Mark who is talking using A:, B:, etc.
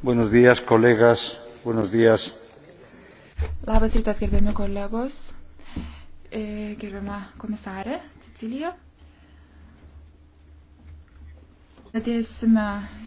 A: Buenos días, kolegas. Buenos días.
B: Labas rytas, gerbiami kolegos, e, gerbiama komisarė Cecilija.
C: Pradėsime